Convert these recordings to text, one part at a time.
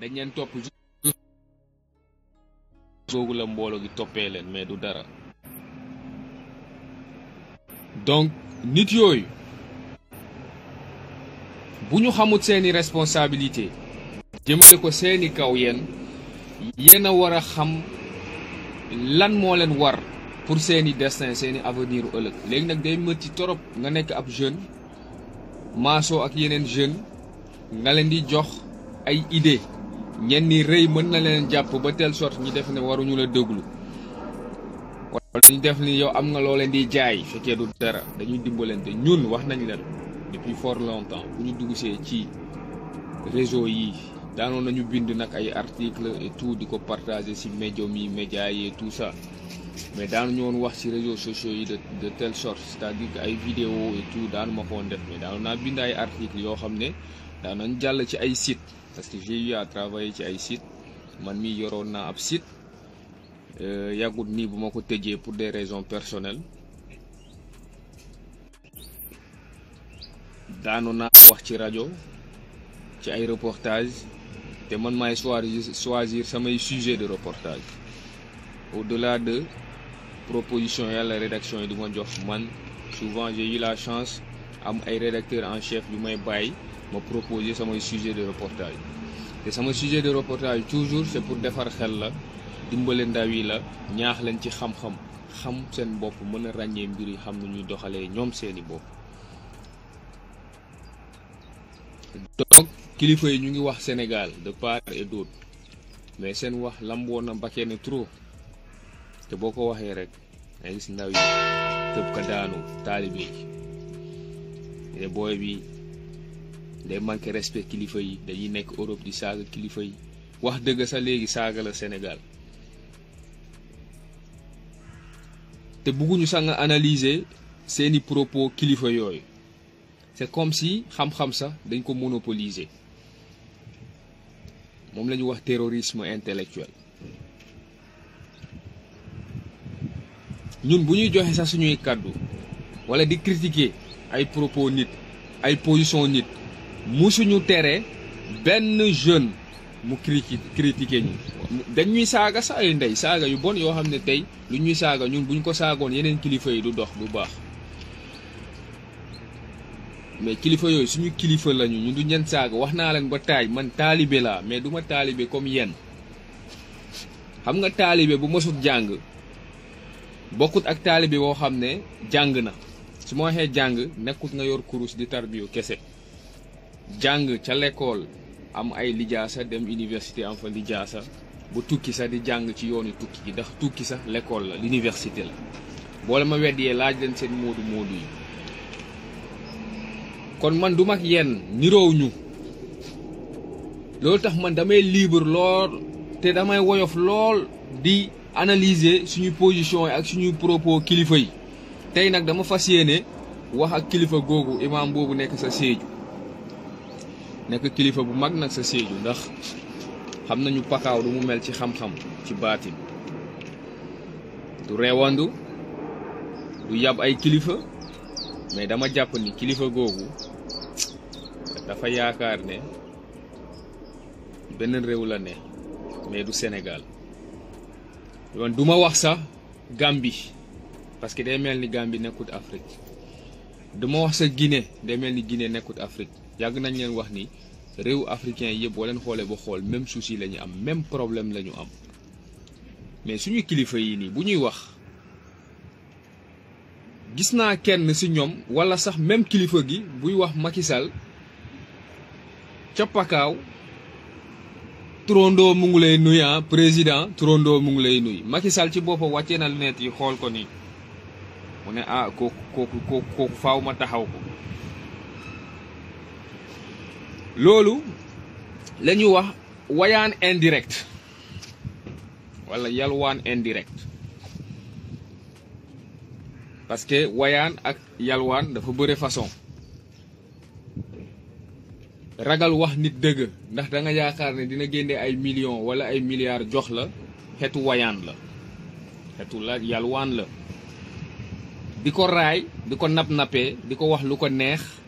dañ leen topp googu la mbooloo gi toppee leen mais du dara donc nit yooyu bu ñu xamut seeni responsabilité jëmale ko seeni kaw yeen yéen a war a xam lan moo leen war pour seeni destin seeni avenir ëllëg léegi nag day ci torop nga nekk ab jeune maasoo ak yeneen jeune nga leen di jox ay idée ñenn ñi rëy mën na leen jàpp ba telle sorte ñu def ne waruñu la déglu wala ñu def ni yow am nga loo leen di jaay fekkee du dara dañuy dimbalante ñun wax nañ leen depuis fort longtemps bu ñu dugg see ci réseau yi daanoon nañu bind nag ay article et tout di ko partager ci médium yi média yi tout ça mais daanu ñu woon wax ci réseaux sociaux yi de de telle sorte c'est-à-dire que ay vidéo et tout daanu ma mais daanu naa bind ay article yoo xam ne daanu nañu jàll ci ay site parce que j'ai eu à travailler sur un site man mi allé ab site euh, bu ko pour des raisons personnelles Dans na wax ci radio ci ay reportage té man suis choisir choisir sujet de reportage au-delà de proposition la rédaction du souvent j'ai eu la chance d'avoir un rédacteur en chef du may ma proposer samay sujet de reportage te sama sujet de reportage toujours c'est pour defar xel la dimbale ndaw yi la ñaax leen ci xam-xam xam seen bopp mën a mbir yi xam nu ñuy doxalee ñoom seeni bopp donc kilifa yi ñu ngi wax Sénégal de part et d'autre mais seen wax lamboo na bakkee ne trop te boko ko waxee rek nga gis ndaw yi tëb ka daanu taalibe bi manque de respect kilifa yi dañuy nekk Europe di saaga kilifa yi wax sa léegi saaga le Sénégal te bugguñu analyser seeni propos kilifa yooyu c'est comme si xam-xam sa dañ ko monopoliser la terrorisme intellectuel nous, nous nous, joxe suñuy nous, nous di critiquer ay propos nit ay position musuñu tere benn jeune mu criti critiqué ñu dañuy saaga saa yu ndey saaga yu bon yoo xam ne tey lu ñuy saaga ñun buñ ko saagoon yeneen kilifa yi du dox du baax mais kilifa yooyu suñu kilifa lañu ñu du ñen saaga wax naa leen ba taay man taalibe la mais du ma taalibe comme yenn xam nga taalibe bu mësut jàng bokkut ak taalibe boo xam ne jàng na su ma waxee jàng nekkut nga yor kurus di tarbiyu kese jàng ca lekkool am ay lijaasa dem université am fa lijaasa bu tukki sax di jàng ci yoonu tukki gi ndax tukki sax lekkool la l'université la boole ma weddiyee laaj leen seen moodu moodu yi kon man du mag yenn niroow ñu loolu tax man damay libre lool te damay woyof lool di analyser suñu position yi ak suñu propos kilifa yi tey nag dama fas yéene wax ak kilifa googu imaam boobu nekk sa séeju nekk kilifa bu mag nag sa Sédhiou ndax xam nañu pakaaw lu mu mel ci xam-xam ci baatin du reewandu du yab ay kilifa mais dama jàpp ni kilifa googu dafa yaakaar ne benn réew la ne mais du Sénégal yoon duma wax sax Gambie parce que day mel ni Gambie nekkut Afrique du ma wax sa Guinée day mel ni Guinée nekkut Afrique yag nañ leen wax ni réew africain yëpp boo leen xoolee ba xool même souci la am même problème la am mais suñu kilifa yi ni bu ñuy wax gis naa kenn si ñoom wala sax même kilifa gi buy wax Macky Sall ca Pakaaw Trondo mu ngi lay nuyu ah président Trondo mu ngi lay Macky ci wàccee na lunette yi xool ko ni mu ne ah kooku kooku kooku faaw ma taxaw ko. lolu lañu wax wayan indirect wala yalwan indirect parce que wayan ak yalwan dafa beure façon ragal wax nit deug ndax da nga yaakar ne dina ay millions wala ay milliards jox la xetu wayan la xetu la yalwan la diko ray diko nap napé diko wax lu ko neex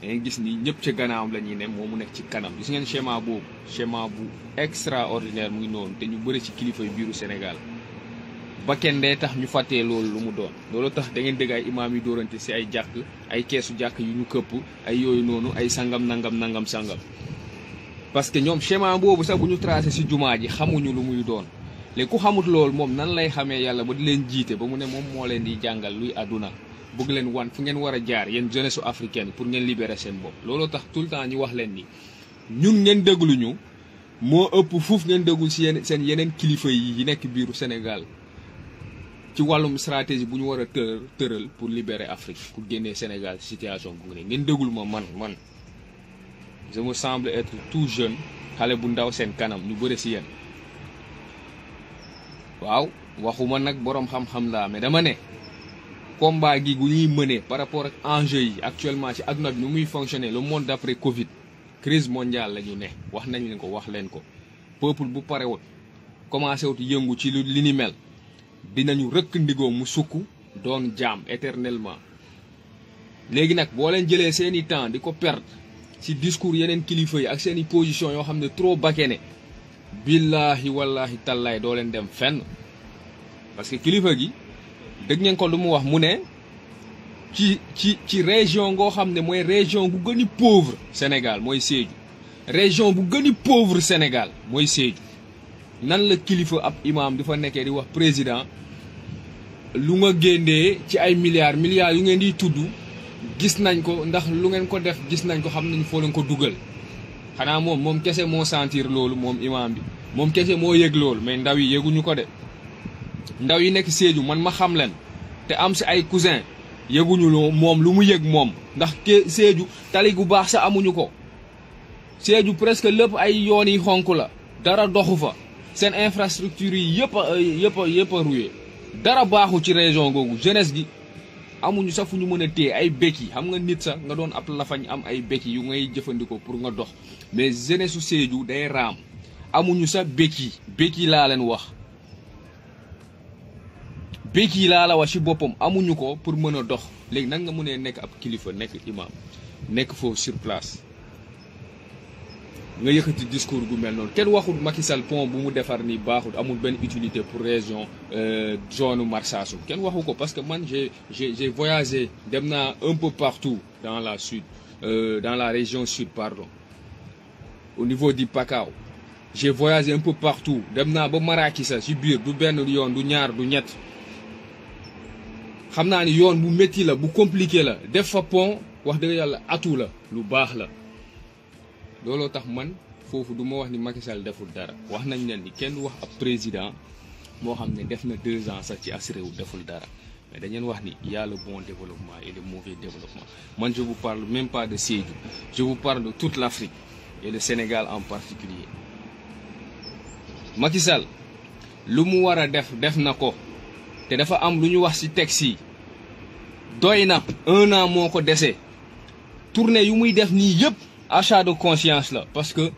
dangay eh, gis ni ñëpp ci gannaawam la ñuy ne moom mu nekk ci kanam gis ngeen schéma boobu schéma bu extraordinaire mu ngi noonu te ñu bëri ci kilifa yu biiru Sénégal ba kenn day tax ñu fàttee loolu lu mu doon loolu tax dangeen ngeen dégg ay imaam yu dóorante si ay jàkk ay keesu jàkk yu ñu këpp ay yooyu noonu ay sangam nangam nangam sangam parce que ñoom schéma boobu sax bu ñu tracé si jumaa ji xamuñu lu muy doon léegi ku xamut loolu moom nan lay xamee yàlla ba di leen jiite ba mu ne moom moo leen di jàngal luy àdduna bëgg leen wan fu ngeen war a jaar yéen jeunesse africaine pour ngeen libérer seen bopp looloo tax tout le temps ñu wax leen ni ñun ngeen dégluñu moo ëpp fuuf ngeen dégul si yeen seen yeneen kilifa yi yi nekk biiru Sénégal ci wàllum stratégie bu ñu war a tëral pour libérer Afrique pour génnee Sénégal situation bu ne ngeen dégul ma man man je me semble être tout jeune xale bu ndaw seen kanam ñu bëre si yéen waaw waxuma nag borom xam-xam laa mais dama ne combat gi gu mené par rapport ak enjeu actuellement ci adduna bi muy fonctionner le monde d'après Covid crise mondiale la ñu ne wax nañ leen ko wax leen ko peuple bu parewut commencé wut yëngu ci li ni mel dinañu rëkk ndigoo mu sukk doon jaam éternellement les nag boo leen jëlee seeni temps de ko perdre ci discours yeneen kilifa yi ak seeni position yoo xam trop bakene billahi wallahi tallaay doo leen dem fenn parce que kilifa gi dégg ngeen ko lu mu wax mu ne ci ci ci région ngoo xam ne mooy région bu gëni a Sénégal mooy Sédhiou région bu gën a Sénégal mooy Sédhiou nan la kilifa ab imaam du fa nekkee di wax président lu nga génnee ci ay milliards milliards yu ngeen di tudd gis nañ ko ndax lu ngeen ko def gis nañ ko xam nañ foo leen ko dugal xanaa moom moom kese moo sentir loolu moom imaam bi moom kese moo yëg loolu mais ndaw yi yëguñu ko de ndaw yi nekk séeju man ma xam leen te am si ay cousin yëguñu lu moom lu mu yég moom ndax séeju tali gu baax sa amuñu ko Sédhiou presque lépp ay yoon yi xonk la dara doxu fa seen infrastructure yi yëpp a yëpp yëpp a dara baaxu ci région googu jeunesse gi amuñu sax fu ñu mën a téye ay békki xam nga nit sax nga doon ab lafañ am ay békki yu ngay jëfandikoo pour nga dox mais jeunesse su Sédhiou day raam amuñu sax békki békki laa leen wax béki laa la wax ci boppam amuñu ko pour mëna dox légui nan nga mëne nek ab kilifa nek imam nek foofu sur place nga yëkëti discours gu mel non kèn waxul Macky Sall pont bu mu défar ni baaxul amul ben utilité pour région euh, zone Marsassoum kèn waxu ko parce que man j'ai j'ai voyagé demna un peu partout dans la sud euh, dans la région sud pardon au niveau du Pakao j'ai voyagé un peu partout demna naa ba Marakisa ci bir du ben yoon du ñaar du ñett xamna ni yoon bu metti la bu compliqué la def fa pont wax dëgg yalla atou la lu bax la looloo tax man fofu duma ma wax ni Macky Sall deful dara wax nañ len ni kenn wax ab président mo xam def na 2 ans sax ci assuré deful dara mais dañeen wax ni y a le bon développement et le mauvais développement man je vous parle même pas de Sédhiou je vous parle de toute l'Afrique et le Sénégal en particulier Macky Sall lu mu wara a def def nako te dafa am lu ñu wax ci texte doy na un an moo ko dese tournée yu muy def nii yëpp achat de conscience la parce que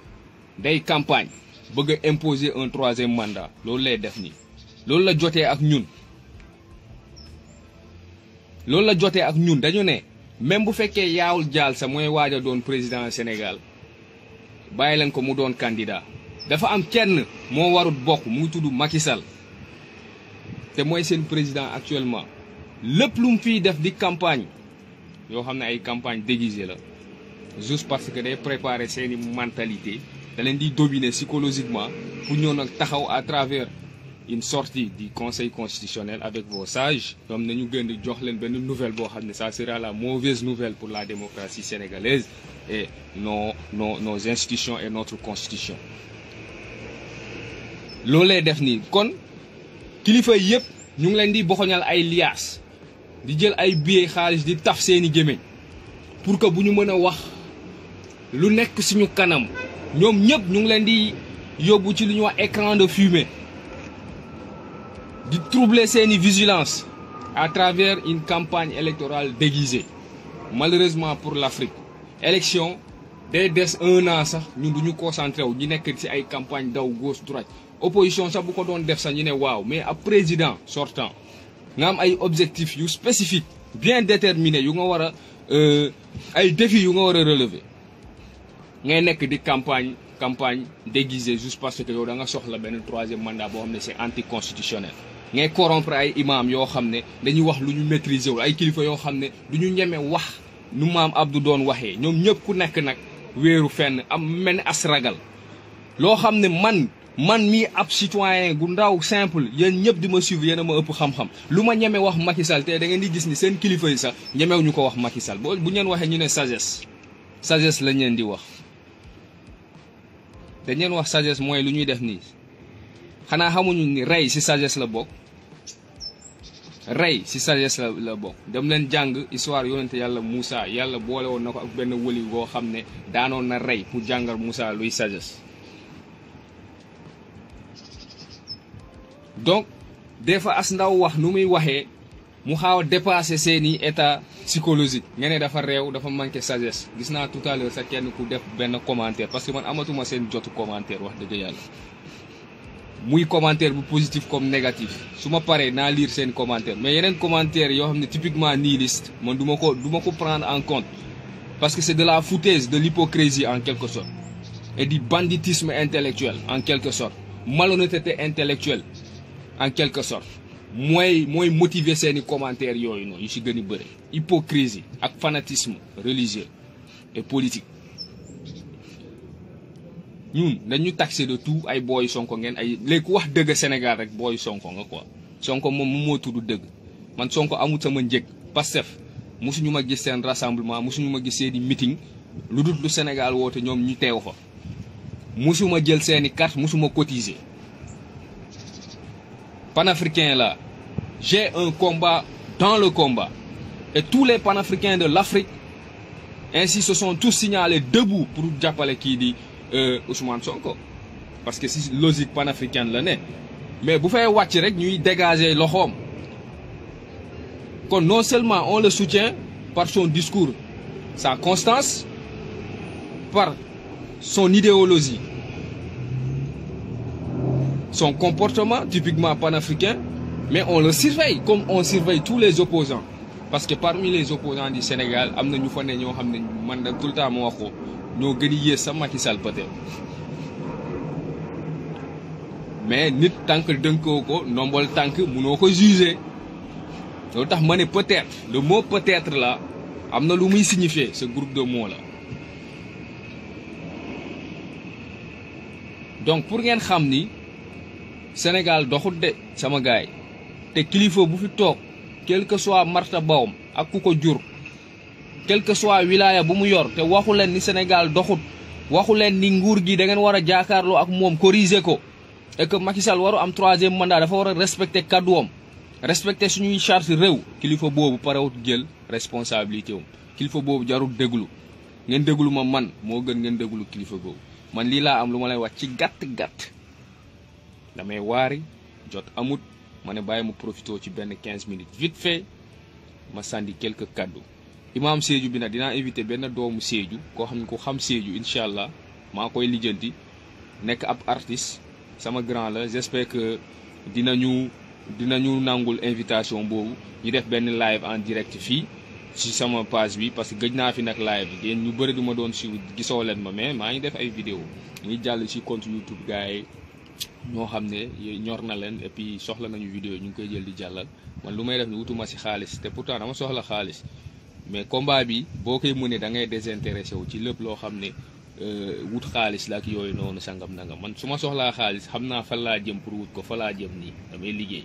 day campagne bëgg a imposer un troisième mandat loolu lay def nii loolu la jotee ak ñun loolu la jotee ak ñun dañu ne même bu fekkee yaawul jaal sa mooy waaj doon président Sénégal bàyyi leen ko mu doon candidat dafa am kenn moo warut bokk mu ngi tudd Macky Sall te mooy seen président actuellement Le plomb fi def di campagne yo xamné ay campagne déguisée la juste parce que day préparer cette mentalité da leen di dominer psychologiquement pour nous nak taxaw à travers une sortie du conseil constitutionnel avec vos sages Nous nañu gën di jox nouvelle bo ça sera la mauvaise nouvelle pour la démocratie sénégalaise et nos institutions et notre constitution lolé def ni kon kilifa yépp ñu ngi leen di boxoñal ay di jël ay billets xaalis di taf seeni gémmiñ pour que bu ñu mën a wax lu nekk suñu kanam ñoom ñëpp ñu ngi leen di yóbbu ci écran de fumée di troubler seeni vigilance à travers une campagne électorale déguisée malheureusement pour l'Afrique élection day des un an sax ñun du ñu concentré wu ñu nekk ay campagne daw gauche droite opposition sax bu ko doon def sax ñu ne waaw mais ab président sortant nga am ay objectifs yu spécifique bien déterminé yu nga war a euh, ay défis yu nga war a relever ngay campagnes di campagne campagne déguisée juste parce que yow da nga soxla benn troisième mandat boo xam c'est anticonstitutionnel ngay corrompre ay imam yoo xam ne dañuy wax lu ñu maîtriser wul ay kilifa yoo xam ne du ñu ñeme wax nu maam Abdou doon waxee ñoom ñëpp ku nekk nag wéeru fenn am mel ni as ragal man man mii ab citoyen gu ndaw simple yéen ñëpp di ma suivre yéen a ma ëpp xam-xam lu ma ñeme wax Macky Sall te da ngeen di gis ni seen kilifa yi sax ñemew ñu ko wax Macky Sall boo bu ñeen waxee ñu ne sagesse sagesse lañ leen di wax dañ wax sagesse mooy lu ñuy def nii xanaa xamuñu ni rey si sagesse la bokk rey si sagesse la la bokk dem leen jàng histoire yonente yàlla Moussa yàlla boole woon na ko ak benn wëli boo xam ne daanoon na rey mu jàngal Moussa luy sagesse donc des fois as ndaw wax nu muy waxee mu xaw a dépassé seeni état psychologique ngéné dafa réew dafa manquer sagesse gisna tout à l'heure sa kenn ku def ben commentaire parce que man amatuma sen jot commentaire wax deug yalla muy commentaire bu positif comme négatif suma paré na lire sen commentaire mais yenen commentaire yo xamné typiquement nihiliste man duma ko duma ko prendre en compte parce que c'est de la foutaise de l'hypocrisie en quelque sorte et du banditisme intellectuel en quelque sorte malhonnêteté intellectuelle en quelque sorte mooy mooy motiver seeni commentaires yooyu noonu yu si gën a bëri hypocrisie ak fanatisme religieux et politique ñun dañu taxé de tout ay booy sonko ngeen ay léegi ku wax dëgg Sénégal rek booy sonko nga ko sonko moom mu moo tudd dëgg man sonko amul sama njëg Pastef mosuñu ma gis seen rassemblement mosuñu ma gis seeni meeting lu dul lu Sénégal woote ñoom ñu teew fa mosuma jël seeni carte mosuma cotiser Africain là, j'ai un combat dans le combat. Et tous les panafricains de l'Afrique, ainsi se sont tous signalés debout pour Djapale qui dit euh, Ousmane Sonko. Parce que c'est logique panafricaine là Mais vous faites watch rek nous dégager l'homme. Donc non seulement on le soutient par son discours, sa constance, par son idéologie, son comportement typiquement panafricain, mais on le surveille comme on surveille tous les opposants. Parce que parmi les opposants du Sénégal, il y a des gens qui tout le temps ñoo ont a sa Macky peut-être mais nit tant que que ndombol tant que ko juger jugé... Donc je peut-être le mot peut-être là a ce groupe de mots là donc pour que xam Sénégal doxut de sama gaay te kilifa bu fi toog quel que soit marta bawam ak ku ko jur quel que soit wilaya bu mu yor te waxu leen ni Sénégal doxut waxu leen ni nguur gi da ngeen war a jaakaarloo ak moom corriger ko et que waru am troisième mandat dafa war a respecter kàdduwam respecter suñuy charte réew kilifa boobu parewut jël responsabilité am kilifa boobu jarul déglu ngeen déglu ma man moo gën ngeen déglu kilifa boobu man lii laa am lu ma lay wax ci gàtt gàtt. damay waari jot amut ma ne bàyyi ma profité ci benn 15 minutes vite fait ma sànni quelques kàddu imaam Sédhiou bi nag dina invité benn doomu Sédhiou koo xam ne ku xam Sédhiou incha allah maa koy lijjanti nekk ab artiste sama grand la j'espère que dina dinañu nangul invitation boobu ñu def benn live en direct fii ci sama page bi parce que gëj naa fi nag live yéen ñu bëri du doon si gisoo leen ma mais maa ngi def ay vidéo muy jàll ci compte YouTube gars yi ñoo xam ne ñor na leen et puis soxla nañu vidéo ñu ngi koy jël di jàllal man lu may def ni wutuma si xaalis te pourtant dama soxla xaalis mais combat bi boo koy mënee da ngay désintéressé wu ci lépp loo xam ne euh, wut xaalis la ak yooyu noonu sangam nangam man su soxlaa xaalis xam naa fan laa jëm pour wut ko fa laa jëm nii damay liggéey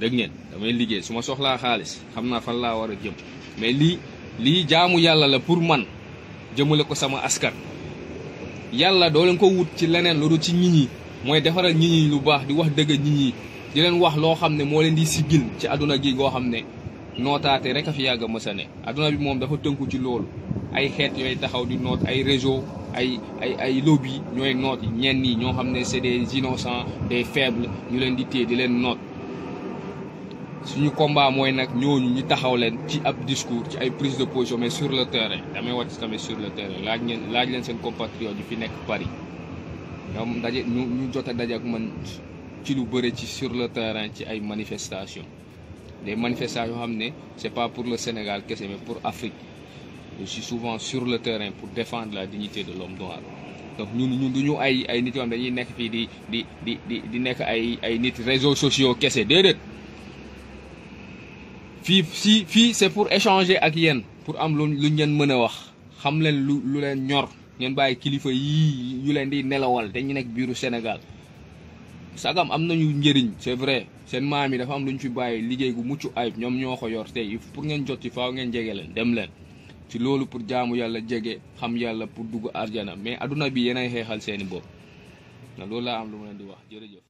dégg ngeen damay liggéey su ma soxlaa xaalis xam naa fan laa war a jëm mais lii lii jaamu yàlla la pour man jëmale ko sama askan. yàlla doo leen ko wut ci leneen lu dul ci nit ñi mooy defaral nit ñi lu baax di wax dëgg nit ñi di leen wax loo xam ne moo leen di sigil ci àdduna gi goo xam ne nootaate rek a fi yàgg a mësane aduna bi moom dafa tënku ci loolu ay xeet yooyu taxaw di noot ay réseau ay ay ay lobby ñooy noot ñenn ñi ñoo xam ne c'est des innocents des faibles ñu leen di téye di leen noot. Si nous combattons, nous avons des discours des de position mais sur le terrain sur le terrain Paris nous avons des sur le terrain manifestations des manifestations Les c'est pas pour le Sénégal mais pour l'Afrique. je suis souvent sur le terrain pour défendre la dignité de l'homme noir donc nous réseaux sociaux fii si fii c'est pour échanger ak yéen pour am lu lu ngeen mën a wax xam leen lu lu leen ñor ngeen bàyyi kilifa yii yu leen di nelawal te ñu nekk biiru Sénégal sagam am nañu njëriñ c'est vrai seen maam yi dafa am lu ñu fi bàyyi liggéey gu mucc ayib ñoom ñoo ko yor tey pour ngeen jot ci faaw ngeen jege leen dem leen ci loolu pour jaamu yàlla jege xam yàlla pour dugg arjana mais àdduna bi yéenay xeexal seeni bopp na loolu laa am lu mu leen di wax jërëjëf.